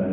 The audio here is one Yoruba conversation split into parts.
nípa nípa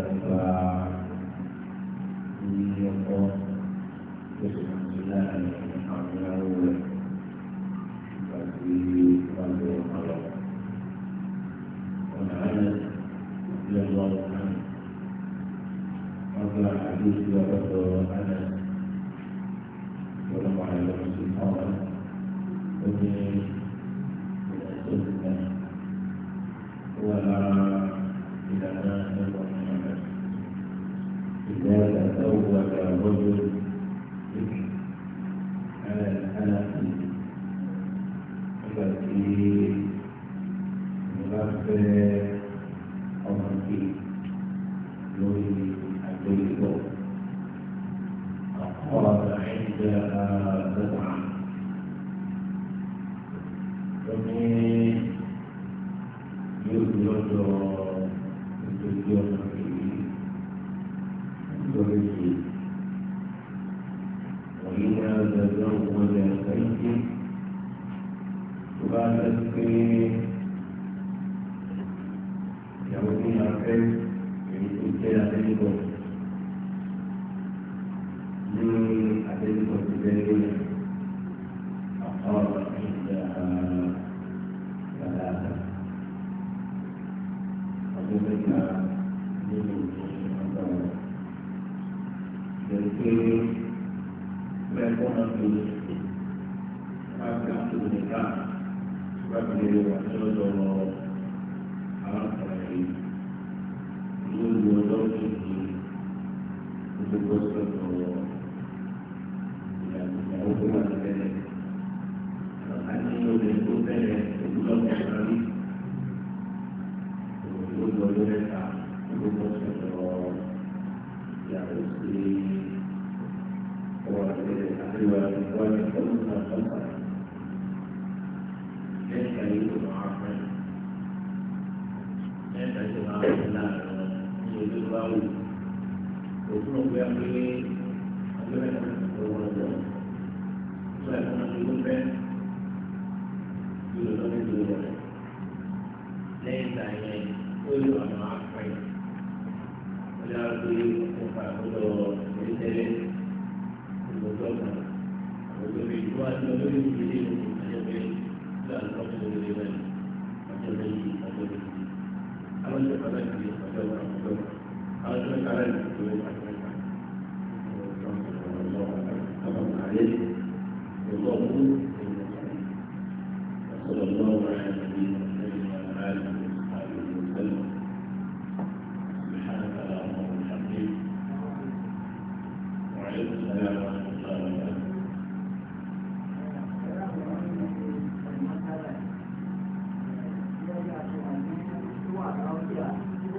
lójú yẹn. òtún ọgbẹ́ àgbélé àgbélé ọwọ́ ọjọ́ tó ẹ̀ka náà ló fẹ́ yóò lọ ní ìlú rẹ̀ lẹ́yìn ìgbà yẹn ó lọ àwọn afẹ́ ó lọ gbé ọkọ̀ àkójọ ìlú tẹ́lẹ̀ ìgbòjọ́ kan àkójọ méjì wá lọ lórí ìdílé ìlú àjọpẹ́ lọ́wọ́ àkọ́kọ́ ìlú rẹ̀ àjọpẹ́ yìí àjọpẹ́ yìí àwọn ìjọba bẹ́ẹ̀ kìí sọ.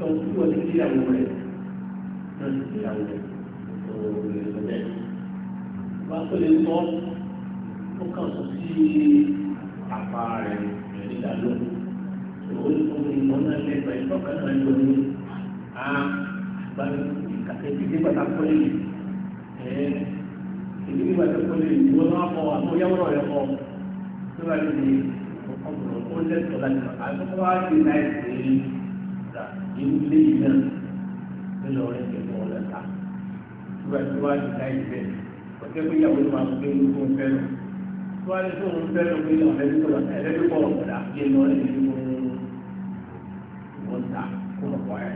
tọ́ sí wọlé sí ìyàwó rẹ̀ náà sì sí ìyàwó rẹ̀ tó lè sọ bẹ́ẹ̀. wá tó lè sọ ó kàn sọ sí apá rẹ̀ rẹ̀ nígbà lọ. ó ní kó ní ìmọ̀ náà lẹ́gbẹ̀ẹ́ ìtọ́ka náà lọ ní a gba ìkàtẹ́bí nígbà tá a kọ́ lè ẹ̀ ìdí nígbà tá a kọ́ lè ìwọ náà kọ́ àmúyáwó rẹ̀ kọ́ nígbà tó ní ọkọ̀ ọ̀rọ̀ ó lẹ́tọ̀ọ́ láti ta irú ilé yìí náà nílò rẹ̀ ti mọ̀ ọ́ lẹ́ta síwájú láì bẹ́ẹ̀ ọ̀sẹ̀ pé ìyàwó ló máa ń gbé olùkọ́ fẹ́ràn síwájú tó ń fẹ́ràn pé ọ̀rẹ́dúkọ̀ ọ̀dà yé lọ rẹ̀ ní wọ́n ta kó lọ wá ẹ̀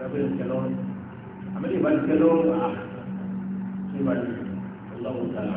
lọ́gbẹ́ ìkẹ́ lọ́rùn àmì ìbá ti kẹ́ lọ́rùn à ṣé ìbá ti lọ́wọ́ sálà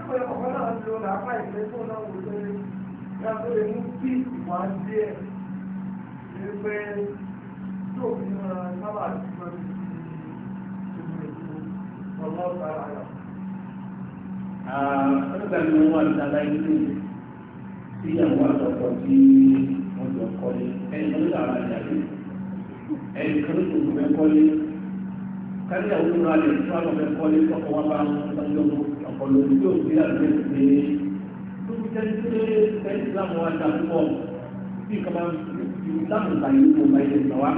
ọ̀pọ̀lọpọ̀ náà lo làápá ìfẹ́ náà wò pé yàtọ̀ lè kí ìwà díẹ̀ ní pé tó fi hàn sábà tí wọ́n ti fi ṣe ètò ọlọ́ọ̀ta ara. Nígbà tí wọ́n wà ní aláìní tí ìyàwó àtọ̀kọ̀ tí wọ́n jọ kọ́lé, ẹni tó ń lọ ara ìyàwó, ẹni tó ń lọ kọ́lé, káríyàwó ló ra lè fún àwọn ọmọ ẹ̀kọ́ lé tọkọ wá bá ń ọ̀pọ̀lọpọ̀ tí ó ti láti ṣe é tó fi jẹ́ pé ìsìlámù wa dà púpọ̀ bí nǹkan máa fi ìsìlámù ta ìlú kò bá ilẹ̀ sọ wá.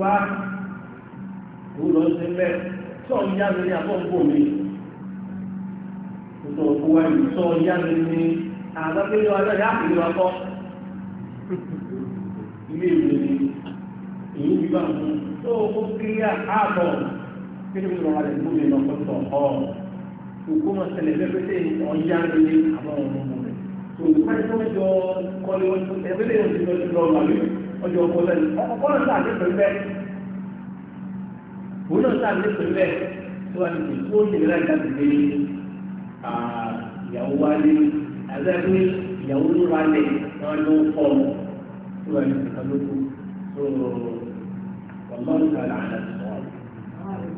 wá òun lọ sí mẹ́ sọ ìyá mi ní abọ́ǹbò mi tó sọ òkú wa yìí sọ ìyá mi ní àgbàgbélé wa lọ́yà àpèlé wa kọ́ ilé ìwé ni èyí bí bá ń fún tó o kéré àbọ̀ kí ló ń lọ wálé mi lọ pẹ̀lú ọ̀ òkú máa ṣẹlẹ̀ lẹ́pẹ̀tẹ̀ ọ̀yá lórí àwọn ọmọ rẹ̀ tó o máa ń jọ kọ́lé ọjọ́ ẹgbẹ́lẹ́ yóò ti lọ́ọ́ lọ́ọ́ wà ọjọ́ ọkọ lẹ́nu ọkọ̀ náà sáà nípìn bẹ́ẹ̀ òun náà sáà nípìn bẹ́ẹ̀ tó wà nípìn tó ń yẹ̀rẹ́ láti gbé ìyàwó wálé àgbẹ̀gbẹ́ ìyàwó ló wà lẹ̀ náà ló ń kọ́ ọ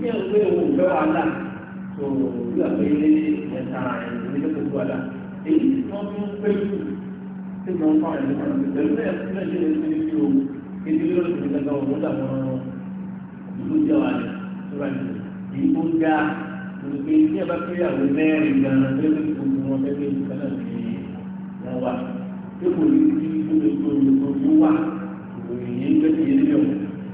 kí ẹ̀ òun ìfẹ́ wa là tó yíyà ilé ẹ̀ta ìdílé tó gbọ́ là èyí tí wọ́n fi ń pé jù tí mo ń fọwọ́ ẹ̀mí kan pẹ̀lú ẹ̀ fún ẹ̀jẹ̀ rẹ̀ sí ibi o ibi yóò ti gbẹgbẹ ọ̀gbọ́n dàgbọ́n ìlú jẹ́ wa lẹ̀ tó bá jù èyí tó dá olùgbé tí ẹ pé àwọn mẹ́rin gan-an tó lè fi gbogbo wọn bẹ́ẹ̀ bí sí wọn wà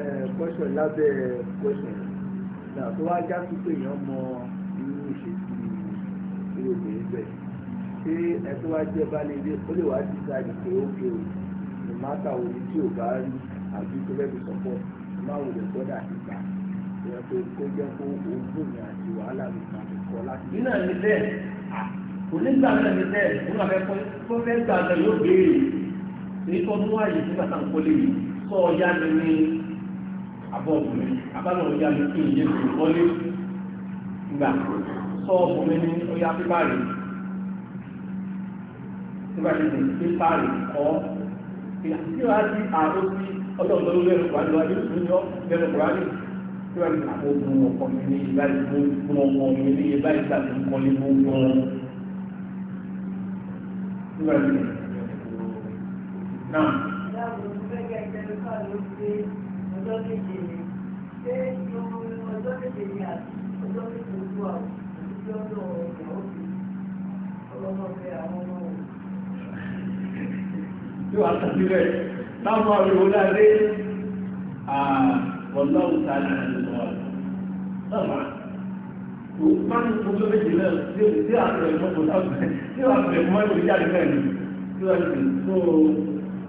Eh, question lábẹ́ question náà tó wá já sí pé èèyàn mọ irú ìṣètì irú obìnrin bẹ́ẹ̀ ṣé ẹ tó wá jẹ́ bá lè dé ó lè wá sí sáà ìpè ókè o no matter wo ni tí ò bá rí àbí tó fẹ́ fi sọ́pọ̀ máa wò lè gbọ́dọ̀ àti gbà ìyẹn pé kó jẹ́ kó ogún mi àti wàhálà mi kàn mí kọ́ láti. nínú ẹ̀mí bẹ́ẹ̀ onígbà náà ní bẹ́ẹ̀ nínú abẹ́kọ́ tó gbà náà yóò nígbà tá à ń kọ́lé yìí ní àbọ̀ ọ̀gbìn abáwọn ọ̀gá ní kí ìyẹ́ kò wọlé gbà sọ ọkùnrin ní ọyá pípa rẹ̀ nígbà tí kò pípa rẹ̀ kọ́ ìyá tí àrò sí ọjọ́ ìlú lẹ́nu kùránì wá ní ìlú lẹ́nu kùránì nígbà tí àwọn ogun ọkọ̀ mi ní ìgbà tí mo gun ọkọ̀ mi ní ìgbà tí ìgbà tí mo kọ́ ní mo gun nígbà tí náà ọjọ́ méje ni ṣé ìlú ọjọ́ méje ni àti ọjọ́ méje ojú àwọn àti ọjọ́ ìyàwó àwọn ọmọ rẹ̀. ọlọ́run ta ní àlùmọ́ ọ̀nà kò má náà tí àpẹẹrẹ mọ́ kò sábẹ́ tí àpẹẹrẹ mọ́ ìwé jáde náà ni tí wọ́n ti tó.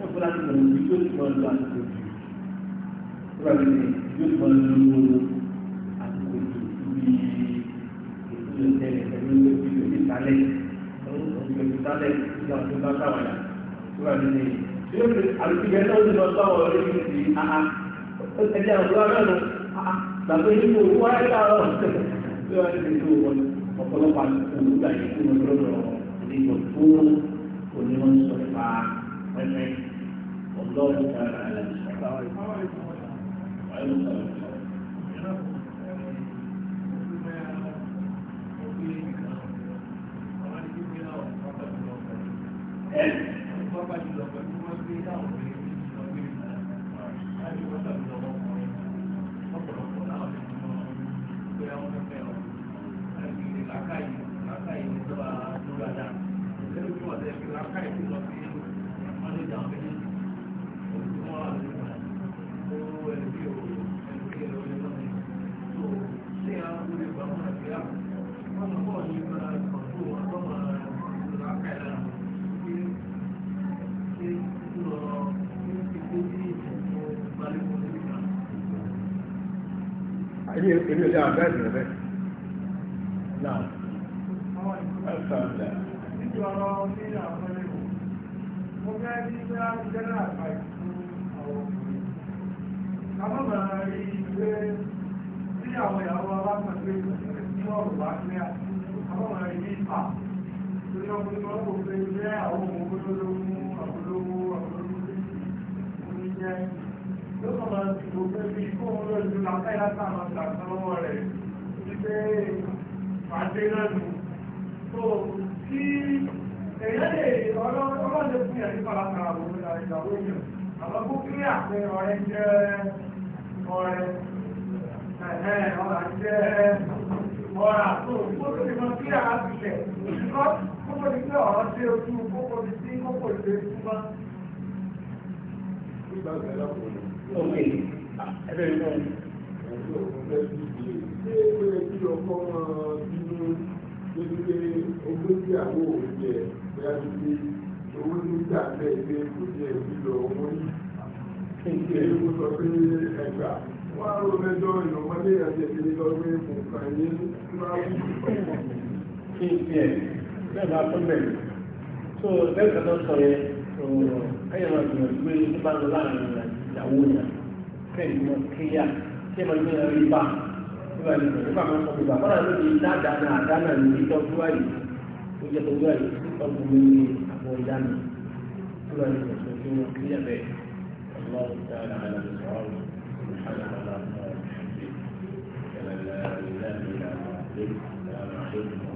wọ́n tó láti lọ́nà bí yóò tún lọ àtìkò jù rẹ̀ ní yóò tún lọ àtìkò jù bí ètò ìtẹ̀lẹ̀ pẹ̀lú ìlú ìtàlẹ̀ ìlú ìtàlẹ̀ ìlú àti ìlú àtàwàlà rẹ̀ ní yóò fi àlùfíjẹ náà ti lọ sọ́wọ́ orí mi sí àá ẹ̀jẹ̀ àwọn ọ̀gá mẹ́rin àá gbàgbé nínú owó ayé láàárọ̀ rẹ̀ ní ọ̀pọ̀lọpọ̀ àtìkò ìgbà yìí fún ọjọ́ ìgbà tó onímọ̀ sọ̀rọ̀ pa ẹ̀mẹ́rin. الله تعالى أعلم وعلى السلام mo fẹ́ rí bá jẹ́nà àpáyé fún àwọn ọkùnrin kábọ̀ máa rí pé tí àwọn ìyàwó wa bá kàn pé ní ọ̀rọ̀ wá ní àbọ̀ máa rí ní ìfà torí ọkùnrin kan kò fẹ́ jẹ́ àwọn ọmọ olólùmú àbólówó àbólówó oníjẹ́ ló kàn máa ti kò fẹ́ bí kó ń lọ ìlú làkàyà sáà máa gbà lọ́wọ́ rẹ̀ wípé pàdé náà nù tó èèyàn lè ọlọ́pàá lè fún yẹn nípa láti ara òun náà ìgbàwó yìí àmọ́ kó kí àpẹ ọ̀rẹ́ jẹ́ ọ̀rẹ́ ọ̀rà jẹ́ ọ̀rà tó kó tó lè mọ kí ara tilẹ̀ kó tó lè pé ọ̀rọ̀ ṣe ojú kókó ti sí kókó ìlú ìfúnmá. Ọ̀gbìn ẹgbẹ́ ìlú ṣé ó yẹ kí ọkọ wọn bínú lórí pé ogójì àwọn òun jẹ bóyá ti pé owó nígbà bẹ́ẹ̀ pé kò jẹ́ ìlọ owó yìí kí èyí kò sọ pé ẹgbà wọ́n á rò mẹ́jọ ìrọ̀mọ́lé àti ìpínlẹ̀ lọ pé kò kàn ní láwùjọ. kí n tiẹ̀ bẹ́ẹ̀ máa tó bẹ̀rẹ̀ tó lẹ́ẹ̀kan tó sọ yẹ ẹ̀yẹ̀ máa gbìyànjú pé tó bá lọ láàrin ìyàwó yẹn kẹ́yìn mọ́ kéyà kí ẹ máa gbé yẹn rí bá nígbà nígbà nígbà máa sọ pé bàbá rẹ̀ ló di dáadáa náà dáadáa ní ó jẹ́ tó gbà yìí ọdún mi ní àpò ìdáná tó wà ní ọ̀sán tí